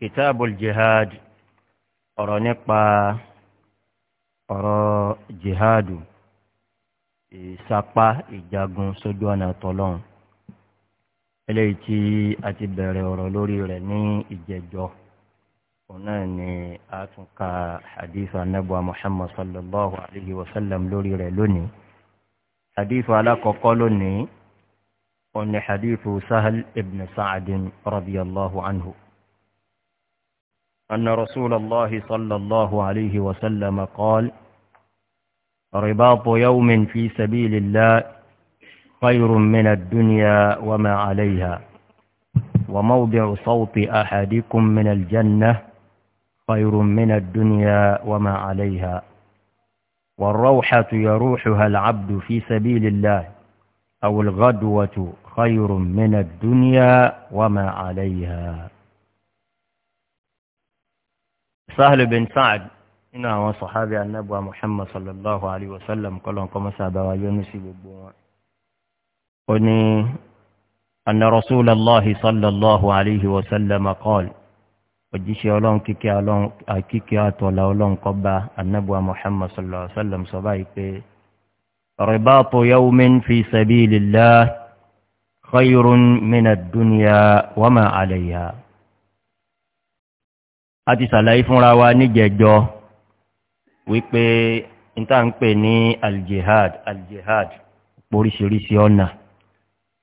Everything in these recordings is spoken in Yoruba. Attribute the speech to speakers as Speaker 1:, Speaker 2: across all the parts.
Speaker 1: kìtàbù jihad ọ̀rọ̀ nípa ọ̀rọ̀ jihadu ìsapá ìjagun sójú ọ̀nà tọ́lọ́hún eléyìí tí a ti bẹ̀rẹ̀ ọ̀rọ̀ lórí rẹ̀ ní ìjẹ́jọ́ òun náà ni a tún ka hadith anabuwa muhammad sallallahu alayhi wa sallam lórí rẹ̀ lónìí hadith alákọ̀ọ́kọ́ lónìí òun ni ibn sa'adin radiyallahu anhu. أن رسول الله صلى الله عليه وسلم قال رباط يوم في سبيل الله خير من الدنيا وما عليها وموضع صوت أحدكم من الجنة خير من الدنيا وما عليها والروحة يروحها العبد في سبيل الله أو الغدوة خير من الدنيا وما عليها سهل بن سعد إن وصحابي أن أبوى محمد صلى الله عليه وسلم قال لكم سعد ويونس ببوى قلني أن رسول الله صلى الله عليه وسلم قال وجيشي أولون كيكي أولون كيكي أتولى أولون قبى أن محمد صلى الله عليه وسلم صبايك رباط يوم في سبيل الله خير من الدنيا وما عليها a ti sàlàyé fúnra wa níjẹjọ wípé níta ń pè ní aljihad aljihad oríṣiríṣi ọ̀nà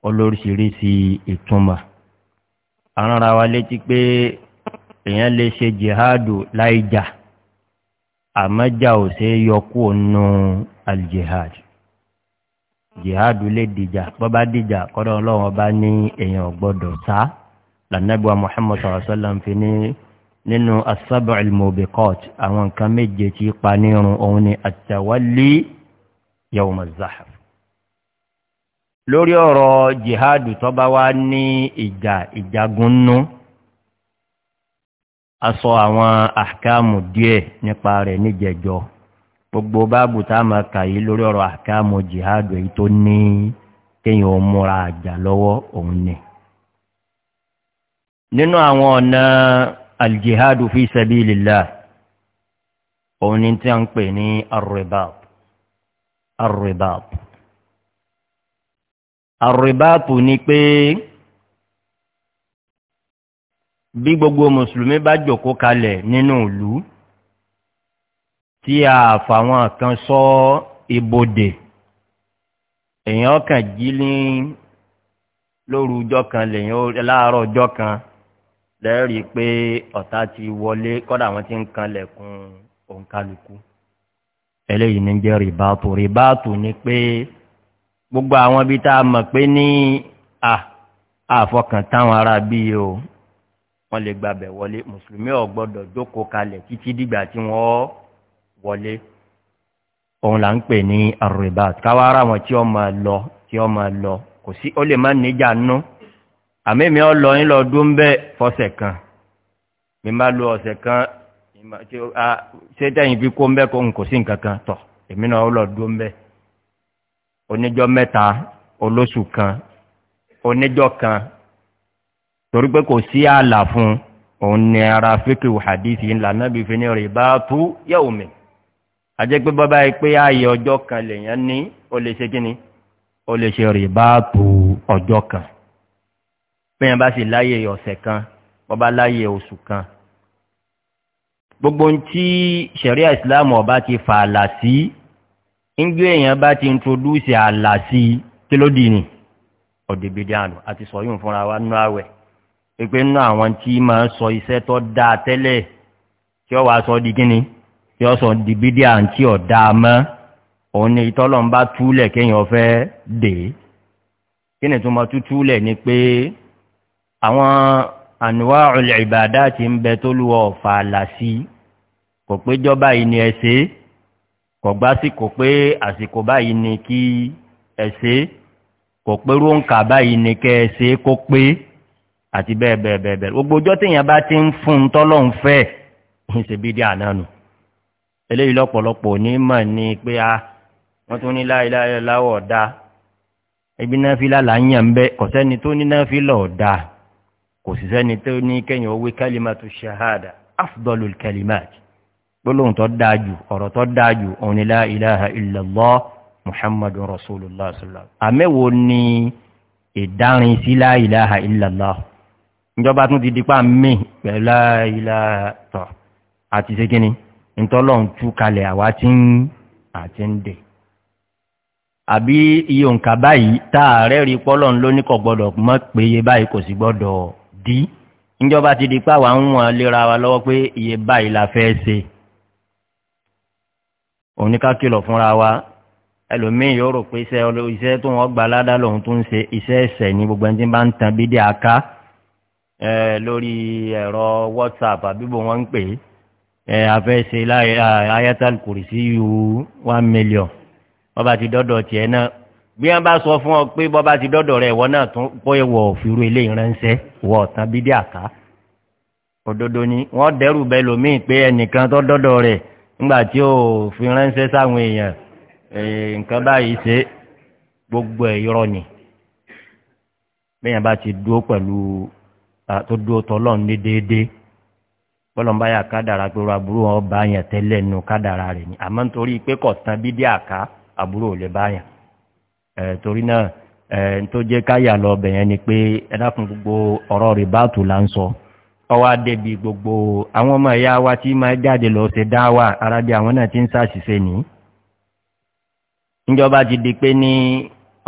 Speaker 1: olóríṣiríṣi ìtumọ̀ àránra wa létí pé èèyàn lè ṣe jihadu láìjà àmọ́jà ò ṣe é yọkú ònú aljihad jihadu lè dìjà bọ́bá dìjà kọ́dọ̀ ọlọ́run ọba ní èèyàn gbọ́dọ̀ sá lànàbíwá muhammed sallam fi ní. ninu asaba al-mubiqat awon kan meje ti pa nirun ohun ni at-tawalli yawm az lori oro jihad to ba wa ni ija ijagunnu aso awon ahkamu die ni pare ni jejo gbogbo babu ta ma ka yi lori oro ahkamu jihad e to ni teyin o mura ja lowo ohun ninu awon ona aljihadu fi sabilillah òun ni tí a ń pè ní arribab arribab arribab ni pé bí gbogbo mùsùlùmí bá jòkó kalẹ̀ nínú ìlú tí a fàwọn kan sọ ibodè èèyàn kàn jí ní lóru ọjọ́ kan lèyàn láàárọ̀ ọjọ́ kan lẹ́ẹ̀rí pé ọ̀tá ti wọlé kọ́dà wọn ti ń kanlẹ̀kùn òǹkàlùkù eléyìí ní jẹ́ rìbáàtù rìbáàtù ni pé gbogbo àwọn ibi tá a mọ̀ pé ní àfọkàn táwọn ará bíi o wọ́n lè gbàbẹ̀ wọlé mùsùlùmí ò gbọ́dọ̀ jókòó kalẹ̀ títí dìgbà tí wọ́n wọlé òun là ń pè ní àrùbáàtù káwá ara wọn tí wọ́n máa lọ tí wọ́n máa lọ kò sí ó lè má níjà nú. No? àmì mi ọ lọ yín lọ dún bẹ fọsẹ kan mi máa lo ọsẹ kan ṣé tẹyìn fi kó ń bẹ kó n kò sí nǹkan kan tọ èmi náà ó lọ dún bẹ oníjọ mẹta olóṣù kan oníjọ kan torí pé kò sí ààlà fún òun ní ara fíkìwò hadithi ńlá náà bí fi ní rè bá tú yẹ̀wò mi àjẹ́ pé bọ́bá yìí pé ààyè ọjọ́ kan lèèyàn ní ó lè ṣe kí ni ó lè ṣe rè bá tú ọjọ́ kan. bẹ́ẹ̀ bá sì láyè ọ̀sẹ̀ kan bọ́bá láyè oṣù kan gbogbo ń tí sẹ̀ríà ìsìláàmù ọba ti fa àlà sí ńgbé èèyàn bá ti introduce àlà sí kí ló dì ní ọ̀dẹ̀gbẹ̀dẹ̀ àná àti sọ̀yún fúnra wa nú àwẹ̀ pé nú àwọn tí máa ń sọ iṣẹ́ tó dáa tẹ́lẹ̀ tí ó wàá sọ di kíni tí ó sọ di bídí à mọ́ òun ni ìtọ́lọ́mbá túlẹ̀ kéèyàn fẹ́ dè kí ni tó máa ni pé àwọn ànúwà ọ̀lẹ̀ ìbàdá ti ń bẹ tó lúwọ ọ̀fà àlàsí kò pé jọba yìí ni ẹ̀ṣẹ́ kò gbá sí kò pé àsìkò báyìí ni kí ẹ̀ṣẹ́ kò pé rónkà báyìí ni kẹ́ ẹ̀ṣẹ́ kó pé àti bẹ́ẹ̀ bẹ́ẹ̀ bẹ́ẹ̀ bẹ́ẹ̀ gbogbo ọjọ́ téèyàn bá ti ń fún un tọ́lọ́ fẹ́ ń ṣe bídí eléyìí lọ́pọ̀lọpọ̀ onímọ̀ ni pé a ah, wọ́n tún ní láìláìláwọ̀ ọ̀dà ẹbí náà fi lálàá yàn bẹ́ẹ̀ kọ̀sẹ́ni tó ní náà fi lọ̀ ọ̀dà kò sì sẹ́ni tó ní kẹ́yìn owó kálímàtú ṣahada afdolul kalimat gbólóhùn tó dáa jù ọ̀rọ̀ tó dáa jù òun ni láìláha ilẹ̀lọ́ muhammadu rasulillah sallam àmẹ́wò ni ìdárin sí láìláha ilẹ̀lọ́ ìjọba tún ti dípa mí pẹ̀lú láìláha tọ̀ àti ṣe kíni ntọ́lọ́hún tú kalẹ̀ àwa ń àti báyìí tá ààrẹ rí pọ́lọ́n lóníkọ̀ gbọ́dọ̀ mọ́ péye báyìí kò sì gbọ́dọ̀ dí níjọba ti di pé àwa ń wọn léra wa lọ́wọ́ pé iye báyìí la fẹ́ ṣe òun ní ká kìlọ̀ fúnra wa ẹlòmíín yóò rò pé iṣẹ́ iṣẹ́ tó wọ́n gba ládá lòun tó ń ṣe iṣẹ́ ẹ̀sẹ̀ ní gbogbo ẹni tí bá ń tan bídí aká lórí ẹ̀rọ whatsapp àbíbò wọ́n ń pè é afẹ́ ṣe ayatal kùrìsí yù one million wọ́n bá ti dọ́dọ̀ tiẹ̀ náà bí wọn bá sọ fún ọ pé bá ti dọdọ rẹ ìwọ náà tún bóyá wọ òfìrú ilé ìránṣẹ́ wọ ọtàn bídí àká òdodo ni wọn dẹrù bẹ pé ẹnìkan tó dọdọ rẹ nígbà tí ó fi ránṣẹ́ sáwọn èèyàn nǹkan báyìí ṣe gbogbo ni bá ti pẹ̀lú tó ní déédéé kádàrà pé wọn bá yàn tẹ́lẹ̀ nù kádàrà ni àmọ́ nítorí pé bídí àká ò Eh, torí náà eh, tó jẹ́ káyà lọ bẹ̀yẹn ni pé ẹ̀dákun gbogbo ọ̀rọ̀ rẹ̀ báàtù là ń sọ ọwọ́ gbogbo àwọn ọmọ ẹ̀yà wa tí máa jáde lọ ṣe dáwà ara bí àwọn náà ti ń ṣàṣìṣe ní. ìjọba ti di pé ní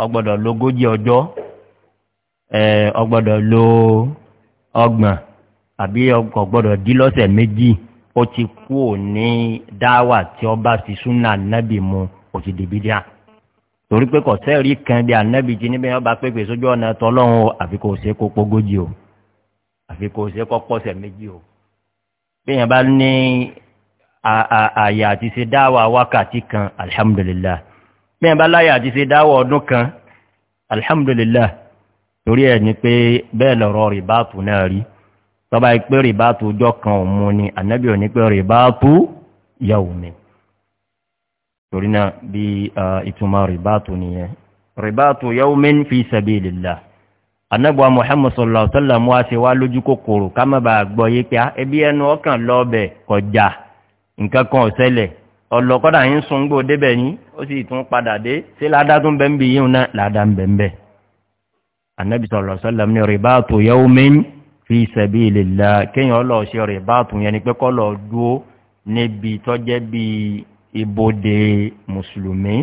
Speaker 1: ọgbọ́dọ̀ lógójì ọjọ́ ọgbọ́dọ̀ eh, lo ọgbọ̀n àbí ọgbọ́dọ̀ dí lọ́sẹ̀ méjì ó ti kú ò ní dáwà tí ọba fi súnà nábì mu òtìdìbídíà. torí pé kọ̀sẹ́ rí kan bí ànábì jí níbi yẹn bá pépè sójú ọ̀nà tọ́lọ́run àfi kò ṣe kó pogójì o àfi kò ṣe kó pọ̀sẹ̀ méjì o bí yẹn bá ní àyà àti ṣe dáwà wákàtí kan alihamudulilayi bí yẹn bá láyà àti ṣe dáwà ọdún kan alihamudulilayi torí ẹ̀ ni pé bẹ́ẹ̀ lọ̀rọ̀ rìbáàtù náà rí tọ́ba ìpè rìbáàtù ọjọ́ kan òun ni ànábì ò ní pé rìbáàtù yà òun mi torí náà bí ìtumọ̀ rìbáàtù nìyẹn rìbáàtù yawmin fi sabilillah anábọ̀ muhammed sallallahu alaihi wa sallam wá sí wá lójú kòkòrò ká má bàa gbọ́ yé pé ah, ẹbí ẹnu ọkàn lọ́ọ̀bẹ̀ kọjá nǹkan kan ọ̀sẹ̀lẹ̀ ọlọ́kọ́dà yín sun gbò débẹ̀ ní ó sì tún padà dé ṣé ládá tún bẹ́ẹ̀ ń bí yíyún náà ládá ń bẹ́ẹ̀ ń bẹ́ẹ̀ anábì sallallahu alaihi wa sallam ní rìbáàtù yawmin fi sabilillah kéèyàn lọ́ọ́ ṣe yẹn ni pé kọ́ lọ́ọ́ dúó níbi tọ́jẹ́ bíi ibodè mùsùlùmí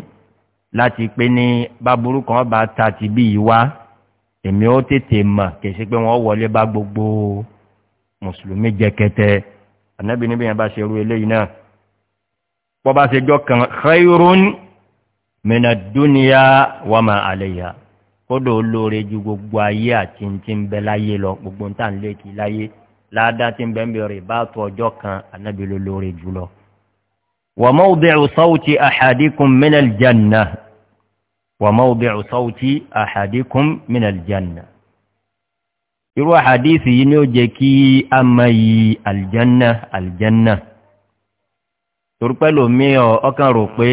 Speaker 1: láti pé ní báburú kan bá ta ti bí i wá èmi ó tètè mọ̀ kèsì pé wọ́n wọlé bá gbogbo mùsùlùmí jẹkẹtẹ ànábì níbi yẹn bá ṣe ru eléyìí náà bọ́ bá ṣe jọ kàn khairun mìnà dúnìyà wà má àlẹyà kódò olóore ju gbogbo ayé àti ti ń bẹ láyé lọ gbogbo ń tà ń lé kí láyé ládàá ti ń bẹ ń bẹ rè bá tó ọjọ́ kan ànábì lólóore jù lọ. وموضع صوت أحدكم من الجنة وموضع صوت أحدكم من الجنة irú àdísì yìí ni ó jẹ́ kí a mayi aljanna aljanna torúpẹ́lò mi ọkàn rò pé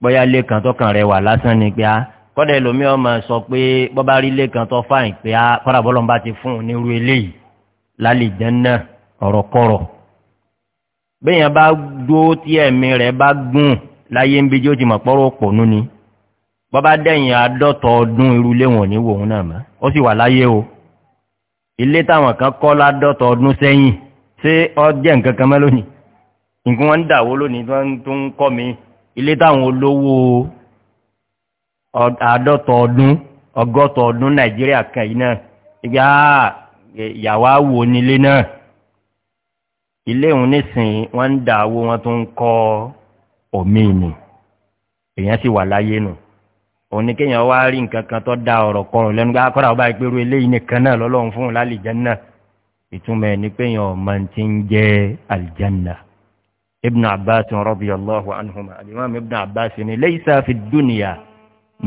Speaker 1: bóyá lẹ́kàn tọkàn rẹ̀ wà lásán ni pé a kọ́dẹ̀ lómi ọmọ sọ pé bọ́bá rí lẹ́kàn tó fáìn pé a kọ́dà bọ́lọ́mbà ti fún un nírú eléyìí lálẹ́ ìjẹ́ náà ọ̀rọ̀kọ̀rọ̀ bẹ́yàn bá dó tí ẹ̀mí rẹ̀ bá gùn láyé ń bí jí ó ti mọ̀ pọ́rọ̀ pònú ni bọ́ bá dẹ̀yìn àádọ́tọ̀ ọdún irúlé wọn ní wòun náà mọ́ ó sì wà láyé o ilé táwọn kan kọ́ ládọ́tọ̀ ọdún sẹ́yìn ṣé ọ jẹ́ nǹkan kan mọ́ lónìí nǹkan wọn ń dàwó lónìí tó ń kọ́ mi ilé táwọn olówó àádọ́tọ̀ ọdún ọgọ́tọ̀ ọdún nàìjíríà kan yìí náà ìgbà yàwá wo nílé náà ilé òun nísìnyí wọ́n ń da owó wọn tó ń kọ́ omi nì èèyàn sì wà láyé nù òun ni kéèyàn wá rí nǹkan kan tó da ọ̀rọ̀ kọrùn lẹ́nu gbá kọ́ra ọba ìpérò eléyìí nìkan náà lọ́lọ́run fún un lálìjánná ìtumọ̀ ẹ̀ ni péèyàn ọ̀mọ ti ń jẹ́ àlìjánná ibn abbas radiyallahu anhuma alimam ibn abbas ni laysa fi dunya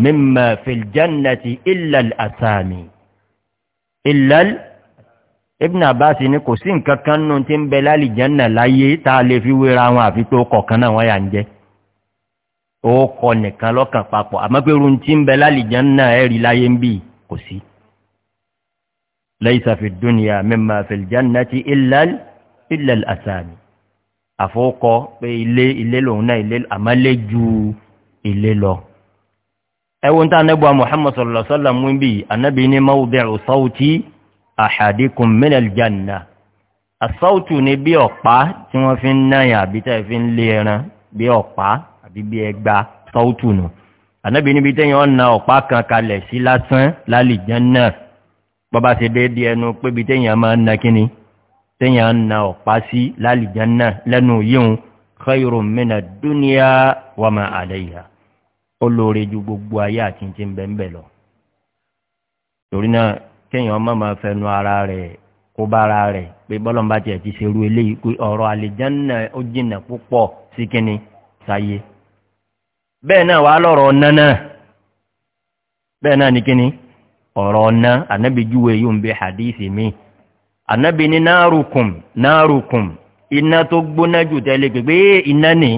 Speaker 1: mimma fi aljannati illa al-asami ibn abbas ni kò sí nǹkan kan nù tí ń bẹ lálìjẹ́nà láyé tá a lè fi wéra wọn àfi pé ó kọ̀ọ̀kan náà wọ́n yà ń jẹ́ ó kọ nìkan lọ́kàn papọ̀ àmọ́ pé irun tí ń bẹ lálìjẹ́nà ẹ̀rí láyé ń bì kò sí. lẹ́yìn sàfi dúnìyà mímọ́ fìlìjẹ́nà ti ilẹ̀ àsàmì àfọwọ́kọ pé ilé ilé lòun náà ilé àmọ́ ju ilé lọ. ẹ wo ń tán anábọ̀ muhammad sallallahu anábì ní mawubẹ̀ ọ̀sáwùtì àhàdíkùn mínal janna àsọ́ọ̀tù ni bí ọ̀pá tí wọ́n fi ń náyà àbí tẹ́ fi ń lé ẹran bí ọ̀pá àbí bí ẹgba sọ́ọ̀tù nù ànábì níbi tẹ́yìn ọ̀nà ọ̀pá kan kalẹ̀ sí lásán lálìjánná bọ́bá ṣe déédé ẹnu pé bí tẹ́yìn máa ń na kíni tẹ́yìn ọ̀nà ọ̀pá sí lálìjánná lẹ́nu yíhun khayrun mínad dunya wa ma alayha ó lóore ju gbogbo ayé àti ti ń bẹ́ẹ̀ lọ torí náà kéèyàn má máa fẹnu ara rẹ̀ kó bára rẹ̀ pé bọ́lọ́mbà tiẹ̀ ti ṣerú eléyìí pé ọ̀rọ̀ àlìjánná ó jìnà púpọ̀ sí kínní sáyé bẹ́ẹ̀ náà wàá lọ́rọ̀ ọ̀nà náà bẹ́ẹ̀ náà ní kínní ọ̀rọ̀ ọ̀nà ànábì júwe yóò ń bẹ hadith mi ànábì ní náàrùkùn náàrùkùn iná tó gbóná jù tẹ́lẹ̀ pé iná ni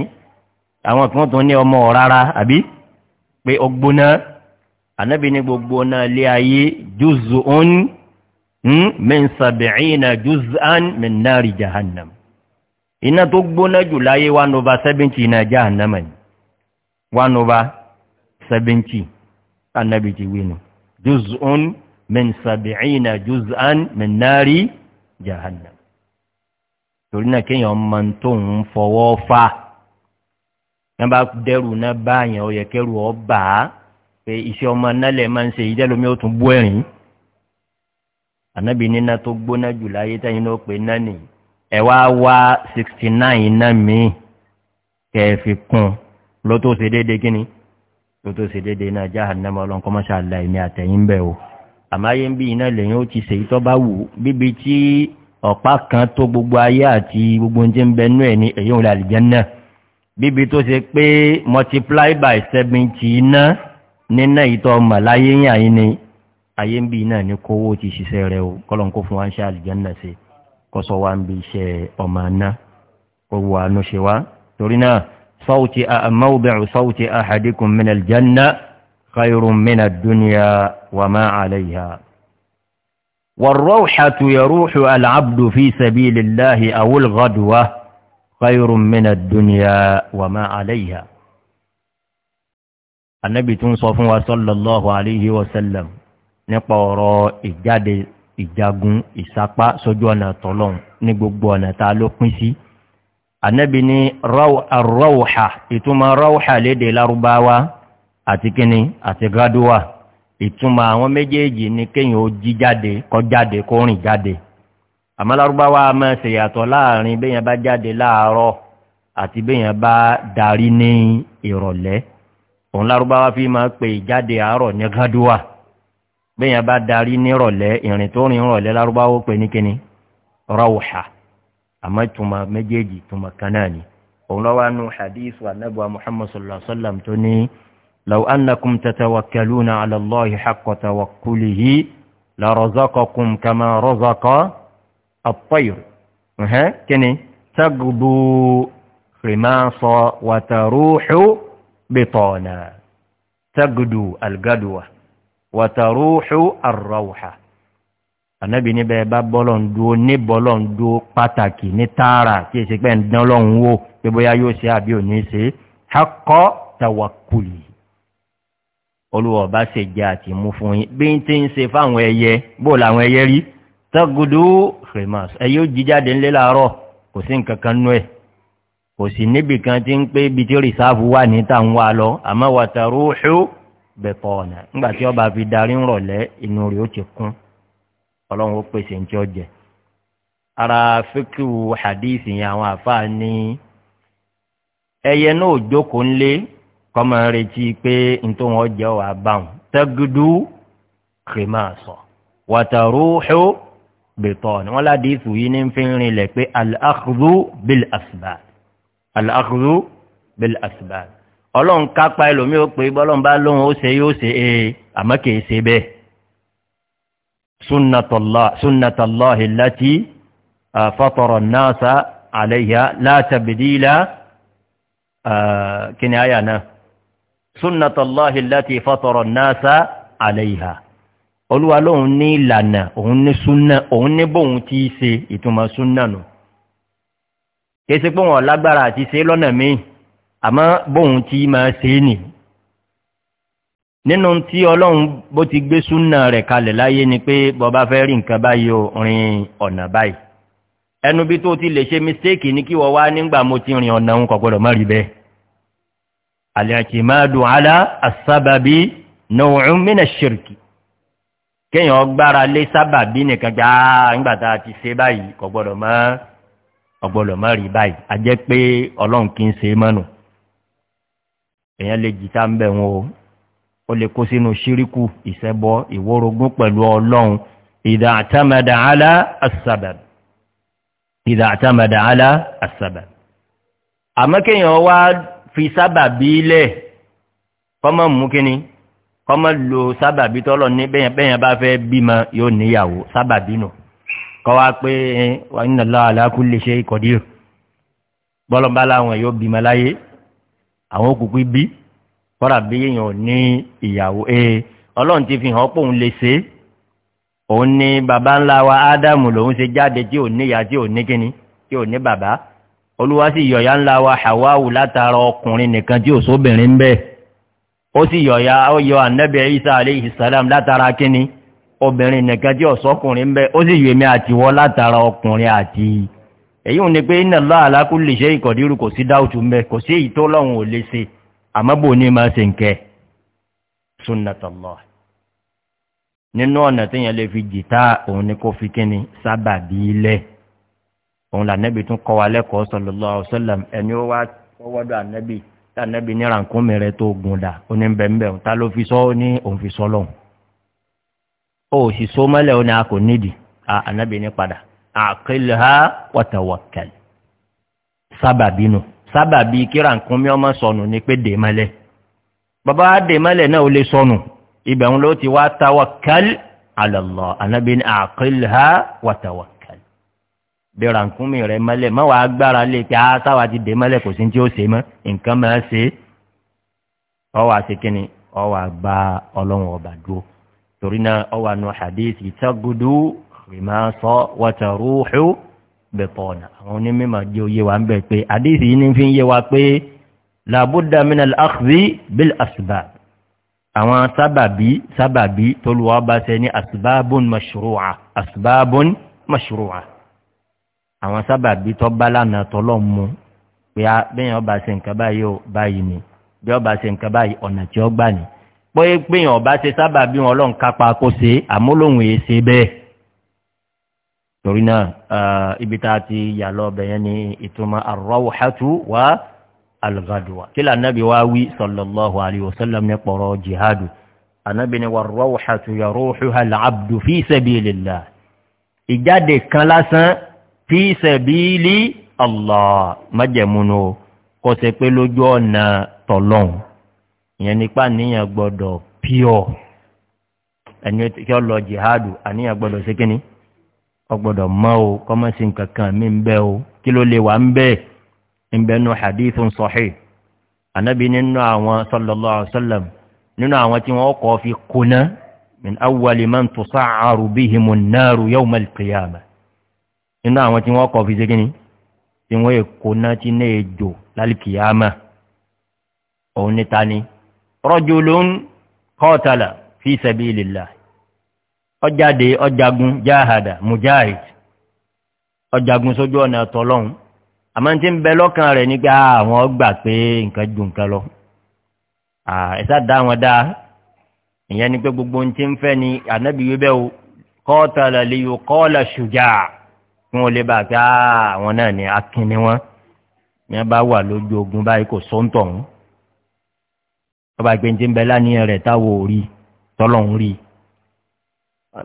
Speaker 1: àwọn kan tó ní ọmọ rárá àbí pé ó gbóná ànábì ní gbogbo náà lé ayé jùzù ún hmm, min sàbẹ̀ẹ́nà jùzù án min náàrí jahannam iná tó gbóná jù láyé one over seventy iná jahannam ni one over seventy ànábì ti wí nu jùzù ún min sàbẹ̀ẹ́nà jùzù án min náàrí jahannam torí náà kéèyàn máa tó ń fọwọ́ fà nígbà dẹ́rù náà báyàn ó yẹ ọ bàá pé iṣẹ́ ọmọ nálẹ̀ máa ń ṣe yìí tẹ́lómi ó tún bú ẹ̀rín ànábì níná tó gbóná jù láyé tẹ́yìn ló pé náà nìyí ẹ wá wá sixty nine iná míì kẹ́ ẹ fi kún un ló tó ṣe déédéé kí ni ló tó ṣe déédéé náà já ànámọ́ ọlọ́run kọ́ mọ́ṣá àlá ẹ̀mí àtẹ̀yìn bẹ́ẹ̀ o àmọ́ ayé ń bí iná lẹ́yìn ó ti ṣèyí tó bá wù ú bíbi tí ọ̀pá kan tó gbogbo ayé àti gbogbo oúnjẹ ń bẹ nú ẹ̀ ní èyí òun làlìjẹ́ náà bíbi tó ṣe pé multiply by seventy náà. nínà ìtọ́ ọmọ láyé yìn àyín ni ayé ń bí náà ní kówó ti ṣiṣẹ́ rẹ o kọ́lọ́n kó fún wa ń ṣe àlùjànnà ṣe kọ́sọ́ wa ń bí iṣẹ́ ọmọ aná owó àánú ṣe wá torí náà sọ́ọ̀tì mawdi'u mẹ́nà ahadikum min aljanna khayrun min ad-dunya wa ma 'alayha والروحة يروح العبد في سبيل الله أو الغدوة خير من الدنيا وما عليها anabi tún sọ fún wa sallallahu alayhi wa sallam nípa ọ̀rọ̀ ìjáde ìjagun ìsapá sójú ọ̀nà tọ́lọ́n ní gbogbo ọ̀nà tá a ló pín sí. anabi ní arọ́wùhà ìtumọ̀ arọ́wùhà léde lárúbáwá àti kíni àti gádùwà ìtumọ̀ àwọn méjèèjì ni kéèyàn ó jí jáde kọ́ jáde kó rìn jáde. àmọ́ láàrin béèyàn bá jáde láàárọ̀ àti béèyàn bá darí ní ìrọ̀lẹ́ òun lárúbáwá fi máa pè ìjáde àárọ̀ ní gádùá bẹ́yàn bá darí nírọ̀lẹ́ ìrìn tó rìn rọ̀lẹ́ lárúbáwá pè ní kíni ráwùhà àmọ́ ìtumọ̀ méjèèjì ìtumọ̀ kan náà ni òun lọ́wọ́ nù hadith wa muhammad sallallahu alayhi wa sallam tó ní لو أنكم تتوكلون على الله حق توكله لرزقكم كما رزق الطير ها كني تغدو خماصا وتروح بطانا تجدو الجدوى وتروح الروحة anabi ni bẹẹ bá bọlọn dúó ní bọlọn dúó pàtàkì ní tààrà tí èsì pé ń dán lọ́hùn wò pé bóyá yóò ṣe àbí ò ní ṣe akọ tàwákùlì olùwọ̀ bá ṣe jẹ́ àti mú fún yín bí n ti ń ṣe fáwọn ẹyẹ bó làwọn ẹyẹ rí tọ́gùdú remas ẹyẹ ó jíjáde ńlẹ́ làárọ̀ kò sí kò sí níbi kan tí ń pé ibi tí rìsáàfù wà ní tàun wà lọ àmọ́ wàtàrú ṣó bẹ̀pọ̀ ọ̀nà nígbà tí ọba fi darí ń rọ̀lẹ́ inú rẹ̀ ó ti kún ọlọ́run ó pèsè ní tí jẹ ara fíkìwù hadithi yẹn àwọn àfáà ní ẹyẹ náà jókòó ńlé kọ́mọ retí pé nítorí wọn jẹ́ wàá bá wọn tẹ́gídú wàtàrú ṣó bẹ̀pọ̀ ọ̀nà wọn ládìí ìsù yìí ní fi ń rinlẹ̀ pé al-akhdu bil al-akhdhu bil-asbab ọlọ́run kápá ẹlòmíì ó pé bọ́lọ́run bá lóhun ó ṣe yóò ṣe é e, àmọ́ kìí ṣe bẹ́ẹ̀ sunnatallahi allati fatara an-nasa alayha la tabdila kí ni àyà náà sunnatallahi allati fatara an-nasa alayha olúwa lóhun ní ìlànà òun ní súnà òun ti ṣe ìtumọ̀ súnà nù kìí ṣe pé wọn lágbára àti ṣe lọ́nà míì àmọ́ bóun ti máa ṣe é nì nínú tí ọlọ́run bó ti gbé súnà rẹ̀ kalẹ̀ láyé ni pé bọba fẹ́ rí nǹkan báyìí o rin ọ̀nà báyìí ẹnu bí tó ti lè ṣe mistake ní kí wọ́n wá nígbà mo ti rin ọ̀nà òun kò gbọ́dọ̀ má rí bẹ́ẹ̀ alìhàkìmáàdù alá àsábàbí nùhùn mínà ṣìrìkì kéèyàn gbára lé sábàbí nìkan gbà nígbà tá a ti ṣe báyìí kò gbọ́dọ̀ ọgbọ́dọ̀ má rí báyìí a jẹ́ pé ọlọ́run kì í ṣe é mọ́nu èèyàn lè jìtá ń bẹ̀ wọn o ó lè kó sínú ṣíríkù ìṣẹ́bọ ìwórogún pẹ̀lú ọlọ́run ìdá àtàmàdà alá àṣàbà ìdá àtàmàdà alá àṣàbà àmọ́ kéèyàn wá fi sábà bí lẹ̀ kọ́mọ̀ mú kíni kọ́mọ̀ lo sábà bí tọ́lọ̀ ní bẹ́yẹn bá fẹ́ bímọ yóò níyàwó sábà bínú kọ́ wá pé wà ní nàlá àlákù lè ṣe ìkọ̀dí bọ́lọ́mbà láwọn yóò bímọ láyé àwọn òkùnkùn bí kọ́ra bí èèyàn ní ìyàwó ee ọlọ́run ti fi hàn pé òun lè ṣe òun ní baba ńlá wa ádámù lòun ṣe jáde tí ò ní ìyá tí ò ní kíni tí ò ní bàbá olúwa sì yọ̀yà ńlá wa hàwáwù látara ọkùnrin nìkan tí ò sóbìnrin bẹ́ẹ̀ ó sì yọ̀yà ó yọ ànẹ́bẹ̀ẹ́ isa aleyhi salam látara kíni obìnrin nìkan tí ọ̀sọ́kùnrin ń bẹ ó sì yọ èmi àti wọ́ látara ọkùnrin àti èyí ò ní pé iná lọ́ àlákù lè ṣe ìkọ̀dírù kò sí dáùtù mbẹ kò sí èyí tó lọ́hùn ò lè ṣe àmọ́ bò ní máa ṣe nkẹ́ sunnatallọ́ nínú ọ̀nà téèyàn lè fi jìtá òun ni kò fi kíni sábà bí ilẹ̀ òun lànàbì tún kọ́ wa lẹ́kọ̀ọ́ sọlọ́lọ́ ọ̀sọ́làm ẹni ó wá wọ́wọ́dọ̀ ànàbì tànàbì ní rànkúnmi rẹ tó gùn dà ó ní bẹ́ẹ̀ bẹ́ẹ̀ ta ló fi sọ ó ní òun fi sọ lọ́hùn ó sì so mọ́lẹ̀ ó ní a kò a ànábì ní padà àkílhá wàtàwàkàlì sábàbí nù sábàbí kíra nǹkan mi ọmọ sọnù ni pé dè bàbá dè mọ́lẹ̀ náà ó lè sọnù ibẹ̀ ló ti wá tàwàkàlì àlọ́lọ́ ànábì ní àkílhá wàtàwàkàlì bẹ̀rẹ̀ nǹkan mi rẹ̀ mọ́lẹ̀ má wàá gbára lé pé a sáwà ti dè mọ́lẹ̀ kò sí tí ó ṣe mọ́ nǹkan máa se ọ wàá ṣe kíni ọ wàá gba ọlọ́run ọba torí náà ọwà nù hadith ìtàgùdù rìmáṣọ́ wàtàrúhù bẹ̀pọ̀nà àwọn onímọ̀ jẹ́ oyé wa ń bẹ̀ pé hadith yìí ní fi ń yé wa pé làbúdà min al bil asbab àwọn sábàbí sábàbí tó lu ọba ṣe ní asbabun mashru'a asbabun mashru'a àwọn sábàbí tó bá lánàá tọ́lọ́ mu pé ah, bẹ́ẹ̀ ọba ṣe nǹkan ni bí ọba ṣe nǹkan báyìí ọ̀nà tí ó gbà ni pé péyàn ọba ṣe sábà bí wọn ọlọ́run kápá kó ṣe àmúlòhùn èé ṣe bẹ́ẹ̀ torí náà ibi tá a ti yà lọ ọbẹ̀ yẹn ni ìtumọ̀ àrọ́wọ́hátú wá alùgàdùwà kí lànàbí wá wí sọlọ́lọ́hu àríwọ̀sọ́lọ́m ní pọ̀rọ̀ jihadu ànàbí ni wà rọ́wọ́hátú yà rọ́ọ̀húhà làbdù fi sẹ́bìlìlà ìjáde kan lásán fi sẹ́bìlì allah májẹ̀múnú kọ́sẹ̀ pé lójú ọ̀nà tọ̀lọ́hùn ìyẹn nípa níyàn gbọ́dọ̀ pure ẹni tí ó lọ jihadu àníyàn gbọ́dọ̀ ṣe kínní ọgbọ́dọ̀ mọ́ o kọ́mọ́sí nkankan mi ń bẹ́ o kí ló lè wà ń bẹ́ ń bẹ́ nu hadithun sọ̀hí anabi nínú àwọn sallallahu alayhi wa sallam nínú àwọn tí wọ́n kọ́ fi kuna min awwali man tusa'aru bihimu naaru yawma al-qiyamah nínú àwọn tí wọ́n kọ́ fi ṣe kínní tí wọ́n yẹ kuna tí náà yẹ jò lálùkìyàmà òun níta ni rajulun qatala fi sabilillah ọjáde ọjagun jáhàdà mujahid ọjagun sójú ọ̀nà tọ́lọ́hún àmọ́ tí ń bẹ lọ́kàn rẹ̀ nígbà àwọn ah, gbà pé nǹkan ju nǹkan lọ ẹ̀sà dá wọn dá ìyẹn ni pé gbogbo ohun tí ń fẹ́ ni ànábì wí bẹ́ẹ̀ o qatala li yuqala shuja' kí wọ́n lè bá pé ah, àwọn náà ni akínni wọn ní wọ́n bá wà lójú ogun báyìí kò sóńtọ̀ ọ̀hún ọba gbẹ̀ǹdé ń bẹ lánìyàn rẹ̀ táwọn ò rí tọ́lọ̀ ń rí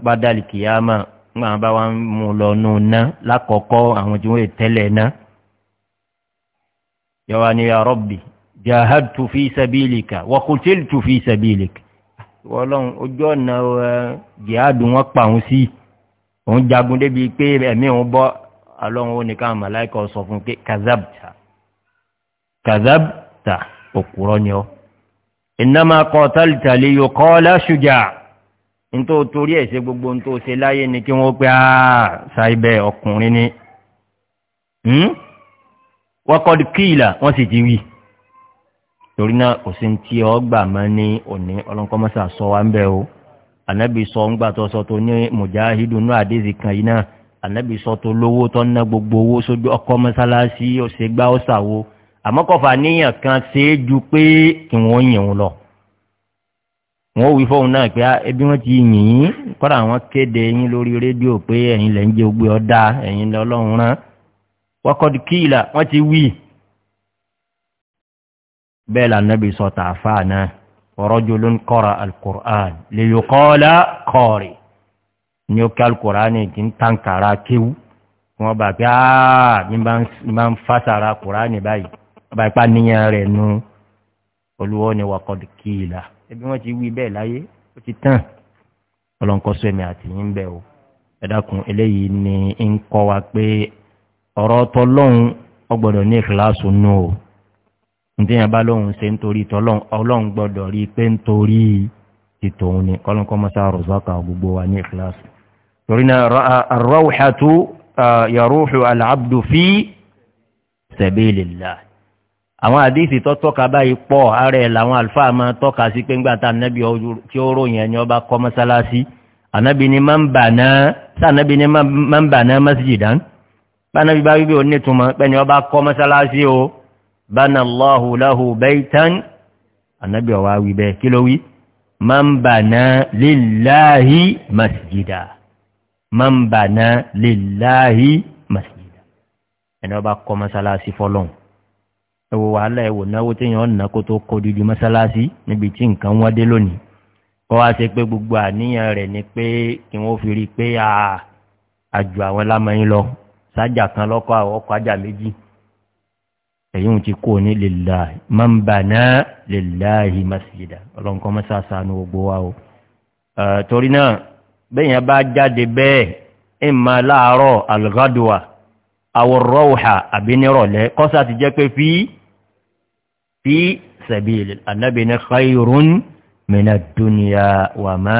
Speaker 1: bá dàlí kìyàmà ńgbà wọn bá wà ń mú lọ nù ná lákọ̀ọ́kọ́ àwọn tí wọ́n lè tẹ́lẹ̀ ná. yọ̀wá ni ya jahad tu fi sabilika wakutil tu fi sabilika wọ́lọ́n ojú ọ̀nà jihad wọn pa òun sí òun jagun débi pé ẹ̀mí òun bọ́ alọ́run ó ní káwọn màláìkọ̀ sọ fún kazabta kazabta òkúrọ́ ni ọ́ ìnáma kan tálítàlì yóò kọ́ láṣùjà nítorí torí ẹ̀ ṣe gbogbo ní tó ṣe láyé ni kí wọ́n pé áá ah, ṣàìbẹ̀ ọkùnrin ni wọ́n kọ́ di kíìlà wọ́n sì ti wí torí náà kò sí ti ọgbà mọ́ ní òní ọlọ́nkọ́mọ́sà sọ wá ń bẹ́ o ànábì sọ ń gbà tó sọ tó ní mùjáhídùn náà àdéhìí kan yìí náà ànábì sọ tó lówó tó ná gbogbo owó sójú ọkọ́ mọ́sálásí ọ̀sẹ̀ gbá àmọ́kọ̀fà níyàn kan ṣe é ju pé kí wọ́n yìn òun lọ wọn ò wí fóun náà pé ẹbí wọn ti yìn yín kọ́dà wọn kéde yín lórí rédíò pé ẹ̀yin lẹ́ ń jẹ́ ogbe ọ̀dà ẹ̀yin lọ́lọ́run rán wọ́kọ̀dù kíìlà wọ́n ti wí bẹ́ẹ̀ lànàbì sọ tààfà náà ọ̀rọ̀jò ló ń kọ́ra alukur'an lè yọ kọ́ọ́lá kọ́ọ̀rì ní ó kí alukur'an kì ń tànkàrà kéwú wọn bàbá mi máa ń fásara kur'an báyìí ọba ìpa níyàn rẹ̀ nu olúwọ́ ni wakọ̀dù kìlà ẹbí wọ́n ti wí bẹ́ẹ̀ láyé ó ti tàn ọlọ́nkọ́sọ ẹ̀mí àti yín bẹ́ẹ̀ o ẹ̀dákun eléyìí ni ń kọ́ wa pé ọ̀rọ̀ tọ́lọ́hún ọgbọ́dọ̀ ní ìkìláàsù nù o ǹdí yẹn bá lóhùn ṣe nítorí tọ́lọ́hún ọlọ́hún gbọ́dọ̀ rí i pé nítorí ti tòun ni kọ́lọ́nkọ́ mọ́sá rọ̀zọ́kà gbogbo wa ní ìkìláàsù torí náà arọ́wùhàtú ah, yàrúhù alàbdù fi sẹ̀bẹ́ẹ̀lì láì àwọn àdìsí tó tọ́ka báyìí pọ̀ ara ẹ̀ làwọn àlùfáà máa tọ́ka sí pé ńgbà tá ànábì tí ó ròyìn ẹni ọba kọ́ mọ́sálásí ànábì ni máa ń bà náà tá ànábì ni máa ń bà náà masjidan bánábì bá wípé onítùmọ̀ pẹ́ni ọba kọ́ mọ́sálásí o bánà Allahu lahu baytan ànábì ọ̀wá wí bẹ́ẹ̀ kí ló wí ẹni ọba kọ́ mọ́sálásí fọlọ́hùn ẹ̀wọ̀ wàhálà ẹ̀wọ̀ náwó téèyàn nà kó tó kó dídí mọ́sálásí níbi tí nǹkan wọ́n dé lónìí kọ́ wá ṣe pé gbogbo àníyàn rẹ̀ ni pé kí wọ́n fi rí i pé àjò àwọn lámọ́yìn lọ sájà kan lọ́kọ́ àwọn ọkọ̀ ajá méjì ẹ̀yìn ti kó ní lèlá mọ́nbàná lèlá yìí masjidà ọlọ́nkọ́ mọ́sàsà ní gbogbo wa o torí náà bẹ́yìn bá jáde bẹ́ẹ̀ ìmọ̀ láàárọ̀ alghadwa àwòrán òhà àbínírọ̀lẹ́ kọ́sà ti jẹ́ pé fi fi sẹ̀bílì anábì ní khairun mina duniya wà má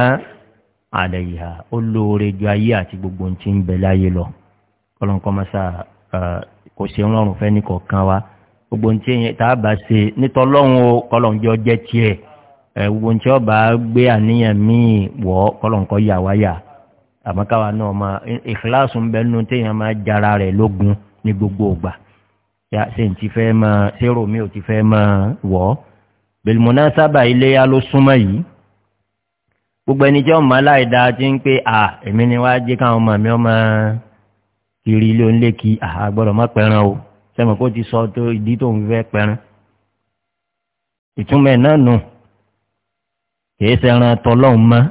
Speaker 1: àdàyà ó lóore ju ayé àti gbogbo tí ń bẹ láyé lọ kọlọ́nkọ́ mọ́sá kò ṣe rọrùn fẹ́ ní kọ̀ọ̀kan wa gbogbo tí tàbá ṣe nítọ́lọ́run o kọlọ́njọ́ jẹ́ tiẹ̀ gbogbo tí ọba gbé àníyàn míì wọ́ kọlọ́nkọ́ yà wáyà àmọ́káwa náà ma ìfìlásùn bẹ́ẹ̀ nù téèyàn máa jara rẹ̀ lógun ní gbogbo ògbà ṣe ń ti fẹ́ mọ ṣérò mi ò ti fẹ́ mọ wọ́ bẹ̀lùmọ́nà sábà iléyà ló súnmọ́ yìí gbogbo ẹni jẹ́ ọmọ aláìda ti ń pé à èmi ni wàá jẹ́ káwọn ọmọ mi ọmọ kiri ilé onílé kí àgbọ̀dọ̀ má pẹran o sẹ́mi kó ti sọ tó ìdí tó ń fẹ́ pẹran ìtumọ̀ ẹ̀ náà nù kìí ṣẹran tọlọ́hún mọ́